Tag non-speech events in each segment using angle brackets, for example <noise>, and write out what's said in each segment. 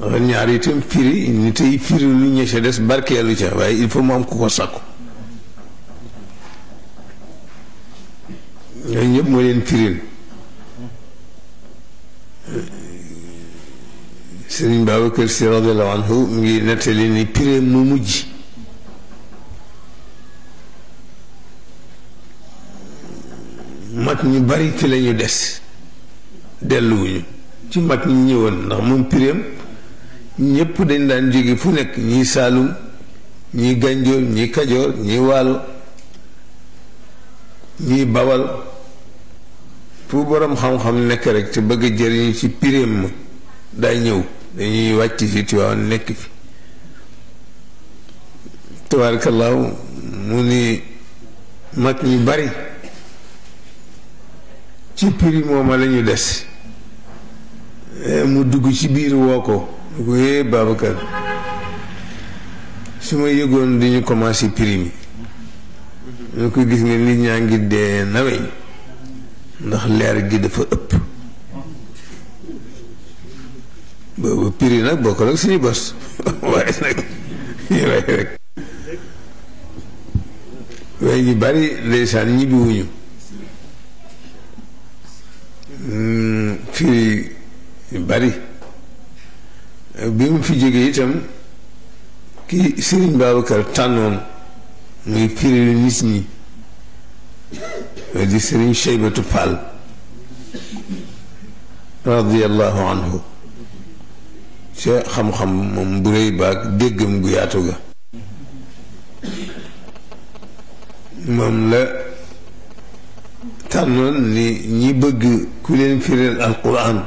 loolu ñaar itam firi ni tey firi lu ñu ca des barkeelu ca waaye il faut mu am ku ko sàkku ñooñu ñëpp moo leen firil sëriñ Babacar Si radiallahu anhu mu ngi nettali ni piree mu mujj mag ñu bari fi lañu des delluwuñu ci mag ñi ñëwoon ndax moom pireem ñépp dañ daan jóge fu nekk ñii saalum ñii gànjoor ñii kajoor ñii waalo ñii bawal fu boroom xam-xam nekk rek te bëgg a jëriñu ci pireem ma daa ñëw dañuy wàcc ci nekk fi tabaarakallaahu mu ni mag ñu bari ci piri mooma la ñu des eh, mu dugg ci biir woo ko lu ko su ma yëgoon dañu commencé prime yi ñu ko gis nga nit ñaa ngi dee naweñ ndax leer gi dafa ëpp boobu prix nag bokk nag suñu bos <laughs> waaye nag ñu rey waaye ñu bari ndeysaan ñibbiwuñu itam ki Serigne Babacar tànnoon muy pirilu nit ñi di Serigne Cheybatu Fall radiallahu anhu ca xam-xam moom bu rëy baag déggam gu yaatu ga moom la tànnoon ni ñi bëgg ku leen firil alquran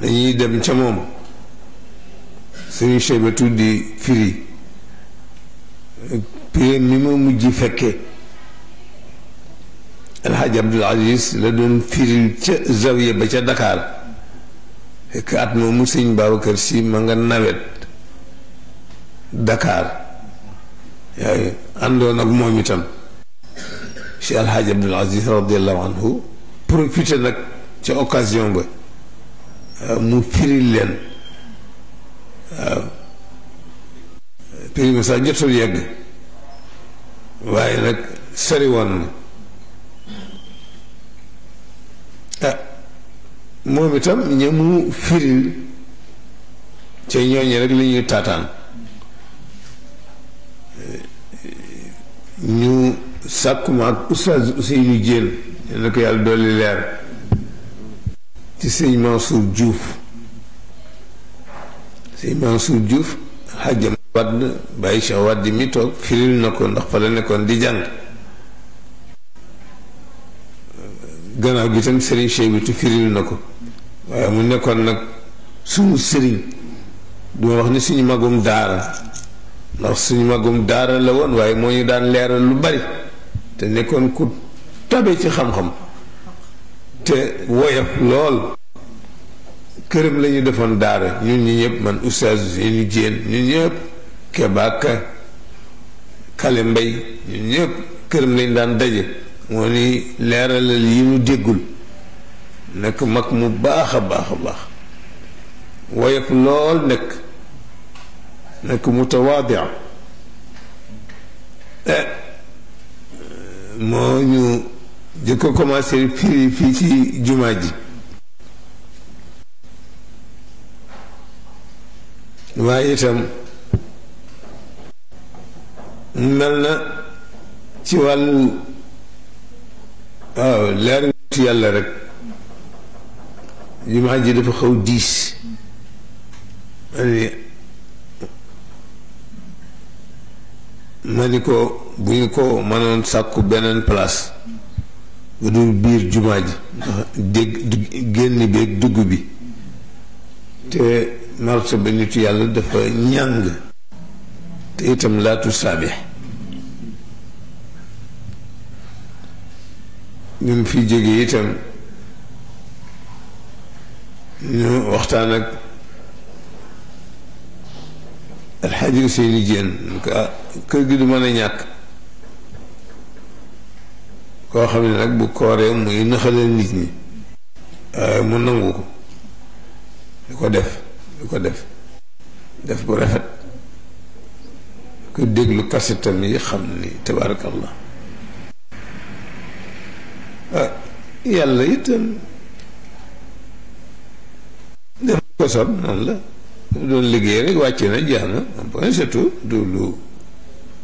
dañuy dem ca moom sëriñ Cheybatu di firi pireem mi ma mujj fekke alxaaj Abdul la doon firi ca zawiya ba ca Dakar fekk at moomu sëñ Babacar Si ma nga nawet Dakar yaay àndoon ak moom itam si alxaaj Abdul Aziz radiallahu anhu profité nag ca occasion ba mu firi leen waaw prix bi sax jotul yegg waaye nag sori woon na ah moom itam ñamu firil ca ñooñu rek li taataan eh, ñu sàkkuma ak oustaz Ousseynou Diène ne ko yàlla dolli leer ci sëñ Mansour Diouf si Mansour Diouf xajjam wadd bàyyi Cheikh Wadd mi toog firil na ko ndax fa nekkoon di jàng gannaaw gi tam sëriñ Cheikh na ko waaye mu nekkoon nag suñu sëriñ duma wax ni suñu magum daara ndax suñu magum daara la woon waaye moo ñu daan leeral lu bari te nekkoon ku tabe ci xam-xam te woyof lool këram lañu ñu defoon daara ñu ñi ñëpp man oustaz ñu jéen ñu ñëpp kebaaka kale mbay ñun ñëpp këram lañ daan daje moo ni leeralal yi ñu déggul nekk mag mu baax a baax a baax woyof lool nekk nekk mutawaadia eh, moo ñu jëkk ko fii fii ci jumaa ji waaye itam mel na ci wàll waaw leer nit yàlla rek jumaa ji dafa xaw diis ma ni ko bu ñu ko mënoon sàkku beneen place bu dul biir jumaa ji dégg génn bi ak dugg bi te marta ba nitu yàlla dafa ñàng te itam laatu saabix ñu mu fi jóge itam ñu waxtaan ak alxaaji Useyni Jéen ah, kër gi du mën a ñàkk koo xam ne nag bu kooree muy nëxalal nit ñi waaye mu nangu ko di ko def du ko def def bu rafet ku déglu kasetam yi xam ni tabaarakallah ah yàlla itam def ko noonu la doon liggéey rek wàcce na jeex na point surtout du lu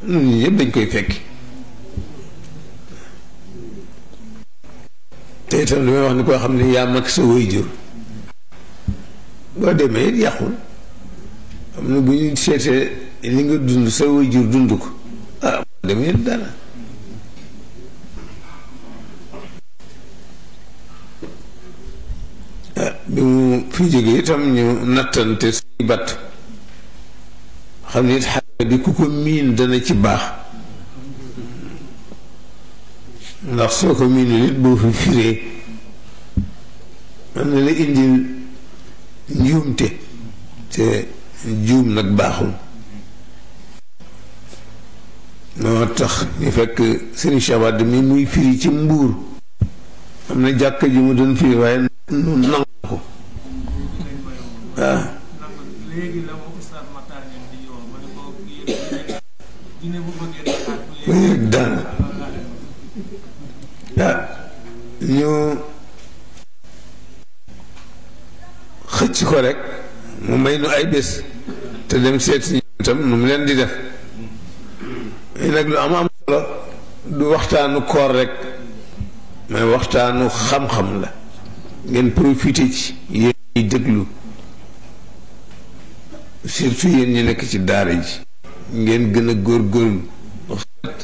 ñun ñëpp dañ koy fekki te itam lu may wax ni koo xam ne yaa mag sa wëy jur boo demee it yàqul am na bu ñu seetee li nga dund sa waajur dund ko ah, ah bi mu fi jógee itam ñu nattante suñu batt xam ne it bi ku ko miin dana ci baax ndax soo ko miinul it boo fi firee mën na la indil njuumte te juum nag baaxul moo tax ñu fekk sëriñ Cheikh mi muy firi ci mbuur am na jàkk ji mu doon firi waaye nu xëcc ko rek mu may nu ay bés te dem seet si tam nu mu leen di def lii nag lu am am solo du waxtaanu koor rek mais waxtaanu xam-xam la ngeen profité ci yéen ñuy déglu surtout yéen ñi nekk ci daara ji ngeen gën a góor xet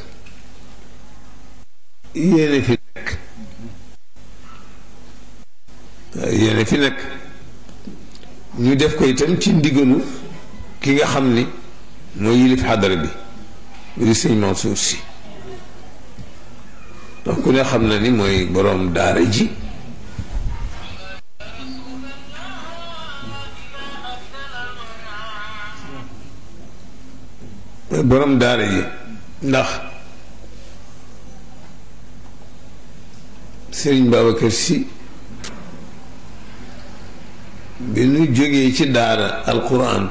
yéene fi nekk yéene fi nekk ñu def ko itam ci ndigalu ki nga xam ni mooy yilif xadara bi di sëñ Mansour si ndax ku ne xam na ni mooy boroom daara ji boroom daara ji ndax sëriñ Babacar si bi nu jógee ci daara alquran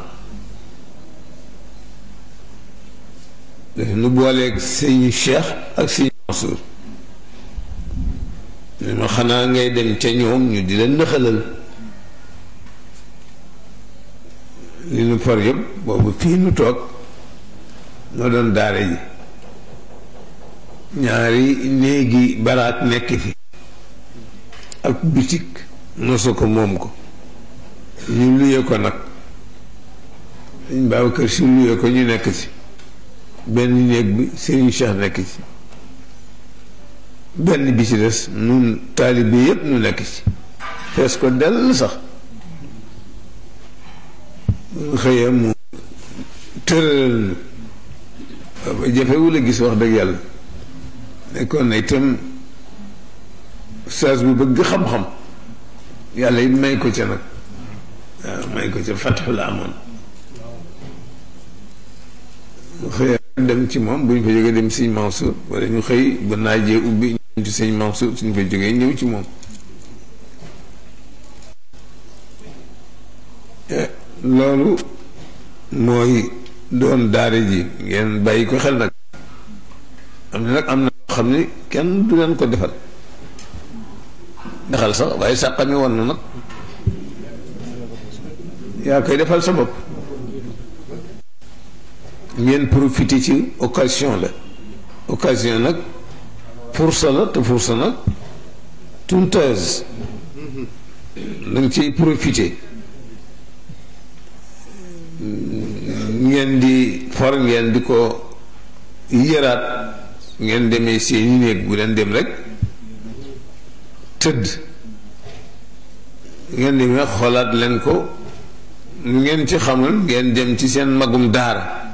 daf nu booleek sëñ Cheikh ak sëñ Mansour ne xanaa ngay dem ca ñoom ñu di la nëxalal li nu for yëpp boobu fii nu toog noo doon daara ji ñaari néegi baraat nekk fi ak bitik nosu ko moom ko ñu luye ko nag sëñ kër Si luye ko ñu nekk ci benn néeg bi sëriñ Cheikh nekk ci benn bi ci des nun taalibe yépp nu nekk ci fees ko dell sax xëya mu tëralal nu jafewul a gis wax dëgg yàlla nekkoon na itam saas bu bëgg xam-xam yàlla yi may ko ca nag may ko ca fatxu la amoon ñu xëy dem ci moom bu ñu fa jógee dem sëñ Mansour ñu xëy ba naajee ubbi ñu ci sëñ Mansour suñ fa jógee ñëw ci moom eh, loolu mooy doon daara ji ngeen bàyyi ko xel nag am na nag am na xam ni kenn du leen ko defal dexal sax waaye sàqami woon na nag yaa koy defal sa bopp ngeen profité ci occasion la occasion nag fursa la te fursa nag tunteuse da nga ciy profité ngeen di for ngeen di ko yëraat ngeen demee seeni néeg bu leen dem rek tëdd ngeen demee xoolaat leen ko lu ngeen ci xamul ngeen dem ci seen magum daara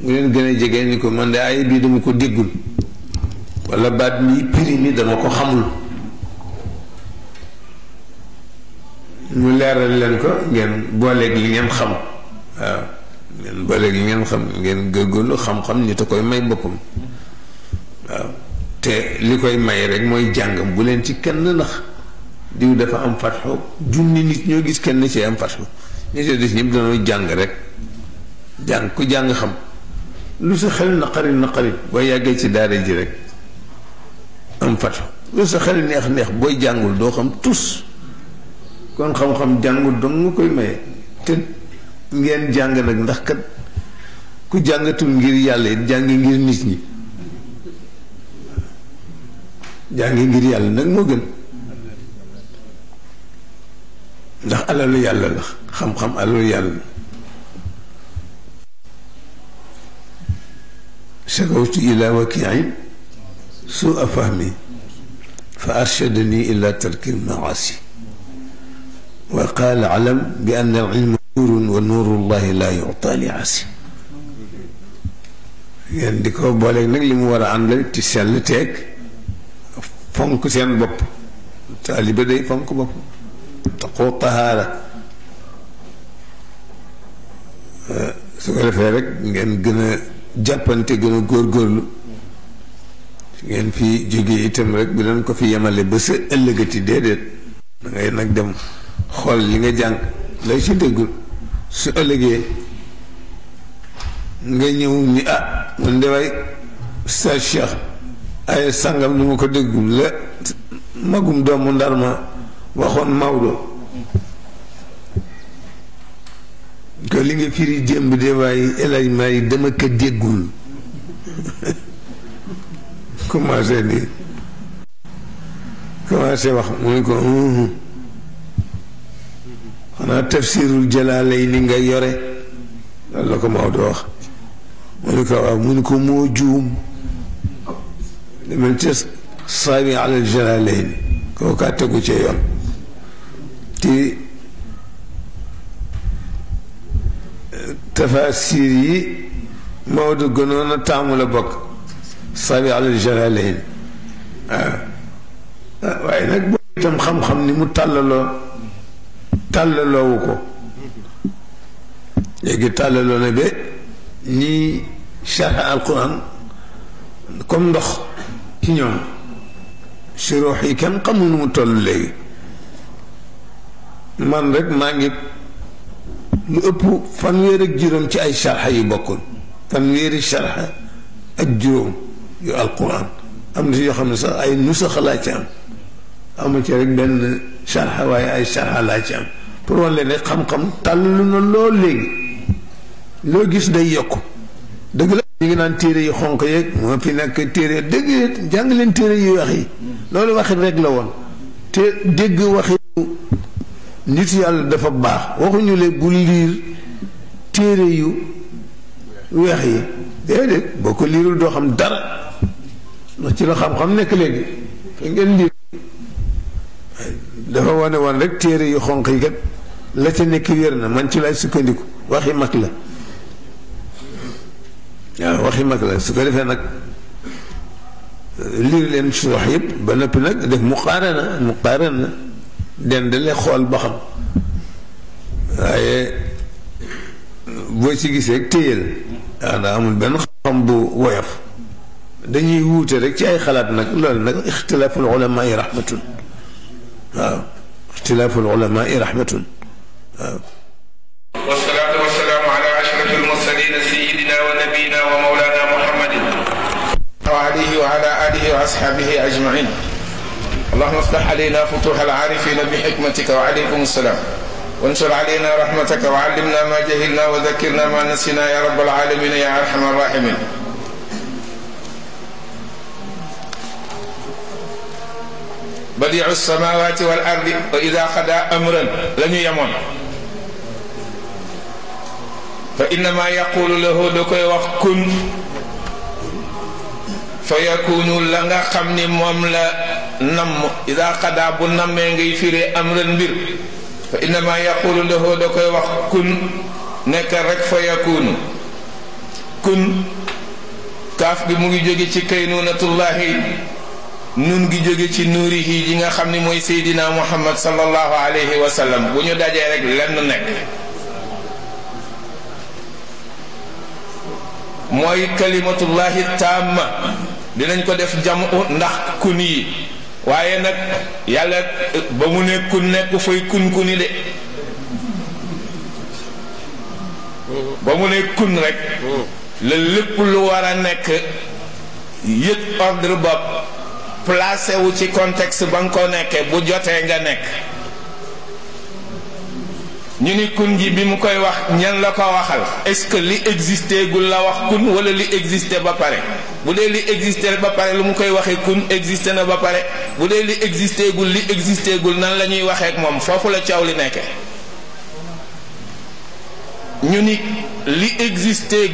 mu leen gën a jege ni ko man de ay bii dama ko déggul walla baat mi piri mi dama ko xamul mu leeral leen ko ngeen booleeg li ngeen xam waaw ngeen booleeg li ngeen xam ngeen gërgóorlu xam nit a koy may boppam waaw te li koy may rek mooy jàngam bu leen ci kenn nax diw dafa am fatxo junni nit ñoo gis kenn ci am fatxo ñi see des ñëpp dañoo jàng rek jàng ku jàng xam lu sa xel naqari naqari boo yàggee ci daara ji rek am fato lu sa xel neex neex booy jàngul doo xam tus kon xam-xam jàngul dong nga koy maye te ngeen jàng nag ndax kat ku jàngatul ngir yàlla it jàngi ngir nit ñi jàngi ngir yàlla nag moo gën ndax alalu yàlla la xam-xam alalu yàlla la shakawtu ila wakiin su a fahmi fa arshadani ila tarki lmaasi wa qaal alam bi ann alilma nuurun wa nuuru llahi li asi ngeen di ko booleeg mu war a àndal ci sell teeg fonk seen bopp taalibe day fonk bopp xuququ tahaara su ko defee rek ngeen gën a jàppante gën a góorgóorlu ngeen fi jógee itam rek bi leen ko fi yemale ba sa ëllëgati déedéet da ngay nag dem xool yi nga jàng lay si déggul su ëllëgee nga ñëw ni ah man de waay sa cheikh ay sangam ni ko déggul la magum doomu ndar ma waxoon Maodo ko li nga firi démb de waaye élargement yi dama ko déggul <laughs> commencé di commencé wax mu ne ko xanaa tafsirul jalaale yi li nga yore loolu la ko Maodo wax mu ne ko waaw mu ne ko moo juum demal ca saabi alal jalaale yi kookaa tegu ca yoon dafa tafaasiir yi Maodo gënoon a taamu la bokk sabi alal jalalayn waaw ah, waaye nag boobu itam xam-xam ni mu tàllaloo tàllaloowu ko léegi tàllaloo na ba ñii sharx alquran comme ndox ci ñoom si ruux yi kenn xamul nu mu tollu léegi man rek maa ngi lu ëpp fanweer ak juróom ci ay sharxa yu bokkul fanweeri sharxa ak juróom yu alquran am na si yoo xam ne sax ay nusax laa ci am amu ci rek benn sharxa waaye ay sharxa laa ci am pour wan leen ne xam-xam tàll na lool léegi loo gis day yokk dëgg la ñu ngi naan téere yu xonq yeeg moo fi nekk téere dëgg jàng leen téere yu wax yi loolu waxit rek la woon te dégg waxi nit yàlla dafa baax waxuñu leen bu liir téere yu weex yi déedéet boo ko liirul doo xam dara ndax ci la xam-xam nekk léegi fa ngeen liir dafa wane wan rek téere yu xonq yi kat la ca nekk wér na man ci lay sukkandiku waxi mag la waaw waxi mag la su ko defee nag liir leen surox yëpp ba noppi nag def muqaarana muqaarana den dalee xool ba xam waaye boo ci gisee rek téyel waaw ndax amul benn xam bu woyof dañuy wuute rek ci ay xalaat nag loolu nag ixtilaaful ulama yi rahmatun waaw ixtilaaful ulama yi rahmatun waaw wa salatu اللهم افتح علينا فتوح العارفين بحكمتك وعليكم السلام وانشر علينا رحمتك وعلمنا ما جهلنا وذكرنا ما نسينا يا رب العالمين يا ارحم الراحمين بديع السماوات والارض واذا قضى امرا لن يمون فانما يقول له دكوي وخ كن فيكون لا nga xamni mom la namm ida xadaa bu nammee ngay firee amran mbir fa innama yaqulu lahu da koy wax kun nekkal rek fa yakunu kun kaaf gi mu ngi jóge ci kaynunatullahi nun gi jóge ci nuurihi yi nga xam ni mooy seydina muhammad sallallahu alayhi wa bu ñu dajee rek lenn nekk mooy kalimatullahi tamma dinañ ko def jamu ndax kun yi waaye nag yàlla ba mu ne kun nekk fay kun kuni de ba mu ne kun rek la lépp lu war a nekk yëg ordre bopp placé ci contexte ba nga ko nekkee bu jotee nga nekk ñu ni kun ji bi mu koy wax ñan la ko waxal est-ce que li existé gul la wax kun wala li existé ba pare bu dee li existé ba pare lu mu koy waxee kun existé na ba pare bu li existé gul li existé gul nan la ñuy waxee ak moom foofu la caaw li nekke ñu ni li existé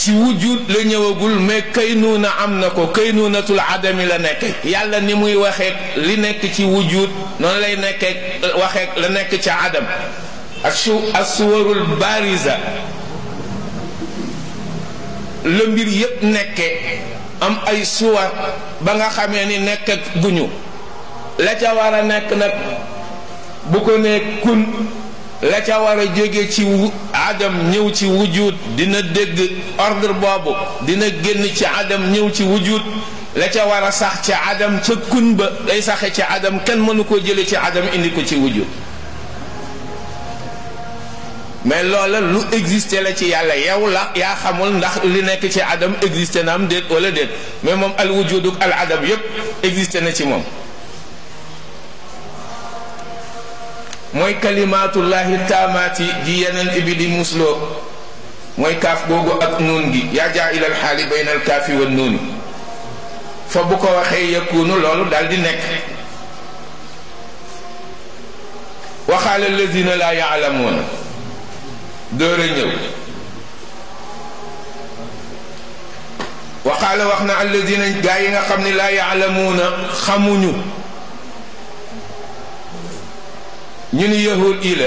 ci wujud la ñëwagul mais kaynuuna am na ko kaynuunatul adami la nekk yàlla ni muy waxeek li nekk ci wujud noonu lay nekkeek waxeek la nekk ca adam ak su suwarul barisa la mbir yépp nekke am ay suwar ba nga xamee ni nekk gu ñu la ca war a nekk nag bu ko nee kun la ca war a jóge ci adam ñëw ci wujud dina dégg ordre boobu dina génn ci adam ñëw ci wujud la ca war a sax ca adam ca kun ba day saxe ci adam kenn mënu koo jële ci adam indi ko ci wujud mais loola lu existé la ci yàlla yow la yaa xamul ndax li nekk ci adam existé na am déet wala déet mais moom al wujuduk al adam yépp existé na ci moom mooy kalimaatullahi taamaati ji yeneen bi di musloo mooy kaaf googu ak nuun gi yaa jaa ilal xaali bayna al kaafi wa nuuni fa bu ko waxee yëkkuunu loolu daal di nekk waxaala lazina laa yaalamuuna door a ñëw waxaala wax na allazina gaa yi nga xam ne laa yaalamuuna xamuñu ñu ni yahud yi la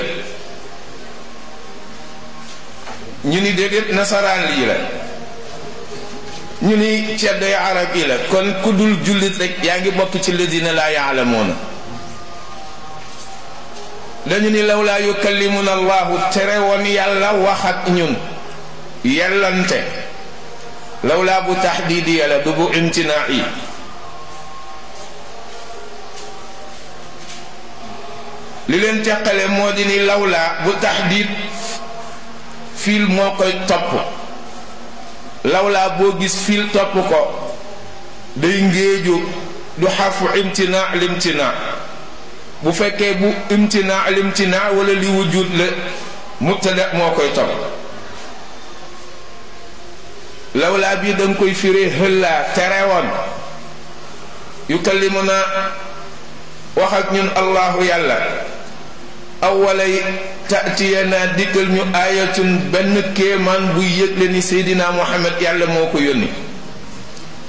ñu ni déedéet nasaraan yi la ñu ni ceddoy arab yi la kon ku dul jullit rek yaa ngi bokk ci ladina laa yaalamuuna dañu ni law laa yukallimuna allahu tere woon yàlla wax ak ñun yellante law laa bu taxdiidi yàlla du bu imtinaa yi li leen teqale moo di ni lawlaa bu taxdiid fiil moo koy topp lawlaa boo gis fiil topp ko day ngéeju du xarfu imtina limtina bu fekkee bu imtina limtina wala li wujud la mubtada moo koy topp lawlaa bii danga koy firee xëllaa terewoon yukallimuna wax ak ñun allahu yàlla awalay tatiyanaa dikkal ñu aayatun benn kéemaan buy yëgle ni seydina muhammad yàlla moo ko yónni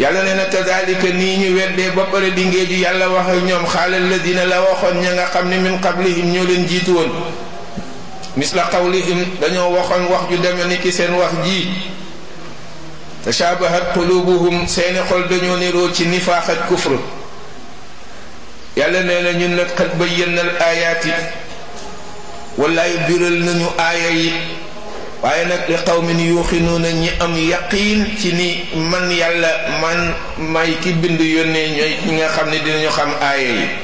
yàlla nee na kadalika nii ñu weddee ba pare di ngeeju yàlla wax ñoom xaalal la dina la waxoon ña nga xam ne min qablihim ñoo leen jiitu woon misla qawlihim dañoo waxoon wax ju deme ni ki seen wax ji tashabahat qulubuhum seeni xol dañoo niroo ci nifaax ak kufr yàlla nee na ñun nag xat bayyana al ayaati wallaay biral nañu aaya yi waaye nag li qawmin yuuxinuuna ñi am yaqiin ci ni man yàlla man may ki bind yónnee ñooy ñi nga xam ni dinañu xam aaya yi